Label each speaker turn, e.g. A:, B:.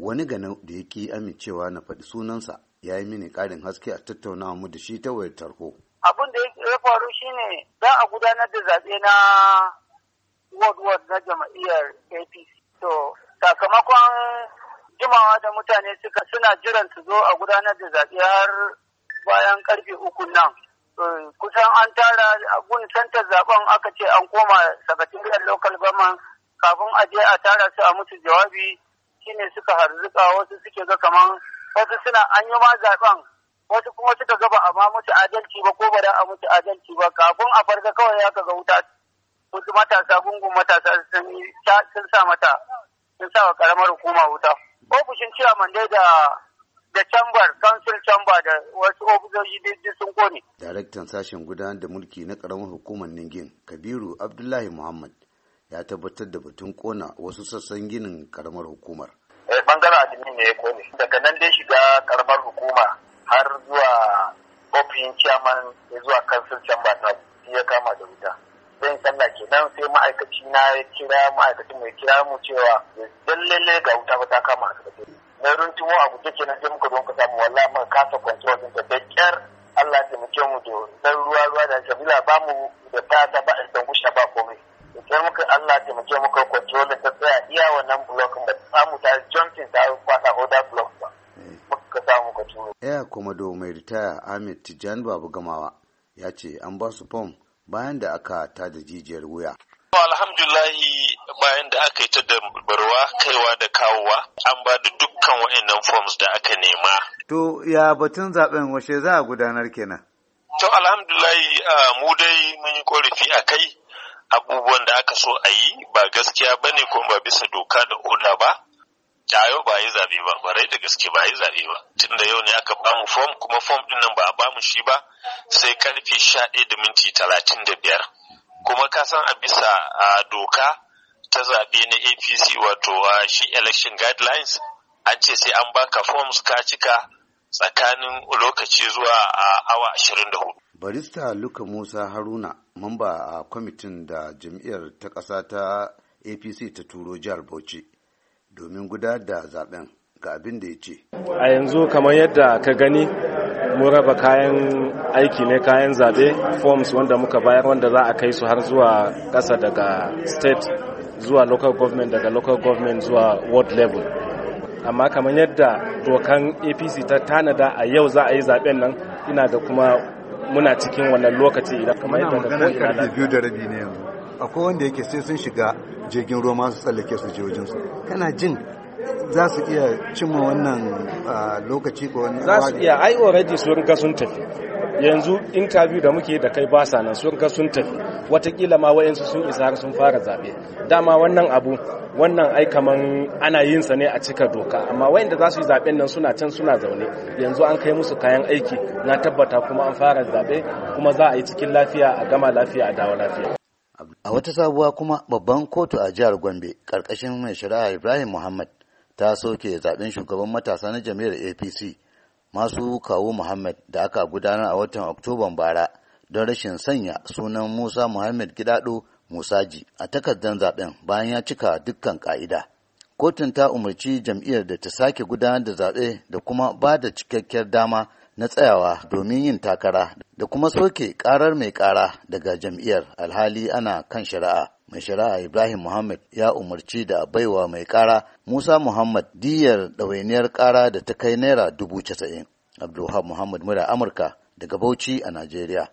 A: wani gano da ya ki amincewa na faɗi sunansa ya yi mini ƙarin haske a tattaunawa mu da shi ta wayar tarho.
B: Abin da ya faru shine za a gudanar da zaɓe na ward ward na jam'iyyar APC. To sakamakon jimawa da mutane suka suna jiran su zo a gudanar da zaɓe har bayan karfe uku nan. Kusan an tara gun santar zaɓen aka ce an koma sakatariyar local gama kafin a je a tara su a mutu jawabi ne suka harzuka wasu suke ga kamar wasu suna an yi ma zaben wasu kuma suka gaba ba a ma musu adalci ba ko ba da a musu adalci ba kafin a farka kawai ya ka ga wuta wasu matasa gungun matasa sun sa mata sun sa wa karamar hukuma wuta ofishin ciyaman dai da da chamber council chamber da wasu ofisoshi duk sun kone.
A: Daraktan sashen gudanar da mulki na karamar hukumar Ningin Kabiru Abdullahi Muhammad ya tabbatar da batun kona wasu sassan ginin karamar hukumar. Eh,
C: bangaren admin ne ya kone daga nan dai shiga karamar hukuma har zuwa ofishin ciyaman ya zuwa kansil can ba ta ya kama da wuta zan sallah kenan sai ma'aikaci na ya kira ma'aikacin mai kira mu cewa lallai ga wuta ba ta kama a na runtumo a guje na sai don ka samu wallahi mun kasa control din da kyar Allah ya taimake mu da dan ruwa ruwa da Jamila ba mu sai muka Allah ya taimake muka control ta tsaya iya wannan block ba samu ta jumping ta kwata oda block ba muka samu ka tuno.
A: eh kuma do mai ritaya Ahmed tijan Babu Gamawa ya ce an ba su form bayan da aka ta da jijiyar wuya alhamdulahi bayan da aka yi ta barwa
D: kaiwa da kawowa an ba da dukkan wa'annan forms da aka nema
A: to ya batun zaben washe za a gudanar kenan
D: to alhamdulahi ah, mu dai mun yi korafi a kai abubuwan da aka so a yi ba gaskiya ba ne kuma ba bisa doka da oda ba da ba yi zabe ba barai da gaske ba yi zaɓe ba tun da yau ne aka bamu fom kuma fom ɗinnan nan ba a bamu shi ba sai karfe sha ɗaya da minti talatin da biyar kuma ka san a bisa a doka ta zaɓe na apc wato shi election guidelines an ce sai an baka forms ka cika tsakanin lokaci zuwa awa 24.
A: barista luka musa haruna mamba a kwamitin da jam'iyyar ta ƙasa ta apc ta turo jihar bauchi domin gudanar da zaben ga abin da ya ce
E: a yanzu kamar yadda ka gani mun raba kayan aiki ne kayan zaɓe forms wanda muka bayar wanda za a kai su har zuwa ƙasa daga state zuwa local government daga local government zuwa world level amma kamar yadda dokan apc ta tanada a yau za a yi zaɓen nan ina da kuma muna cikin wannan lokaci idan kamar yadda magana karfe biyu da rabi ne yanzu akwai wanda yake sai sun shiga jirgin ruwa su tsallake su je wajen su
A: kana jin za su iya cimma wannan ah, lokaci ko wani za su
E: iya ai already sun ga sun tafi yanzu interview da muke da kai ba sa nan sun ka sun tafi watakila ma wayansu sun isa har sun fara zabe dama wannan abu wannan ai kaman ana yin sa ne a cika doka amma wayanda za su yi zaben nan suna can suna zaune yanzu an kai musu kayan aiki na tabbata kuma an fara zabe kuma za a yi cikin lafiya a gama lafiya a dawo lafiya
F: a wata sabuwa kuma babban kotu a jihar Gombe karkashin mai shari'a Ibrahim Muhammad ta soke zaben shugaban matasa na jami'ar APC masu kawo Muhammad da aka gudanar a watan Oktoban bara don rashin sanya sunan Musa Muhammad Gidado Musaji a takardar zaben bayan ya cika dukkan ka'ida. Kotun ta umarci jam'iyyar da ta sake gudanar da zaɓe da kuma ba da cikakkiyar dama na tsayawa domin yin takara da kuma soke ƙarar mai ƙara daga jam'iyyar alhali ana kan shari'a. mai shari'a Ibrahim Muhammad ya umarci da baiwa mai kara Musa Muhammad diyar ɗawainiyar kara da ta kai naira dubu casa'in. Abdulhab Muhammad mura Amurka daga Bauchi a Najeriya.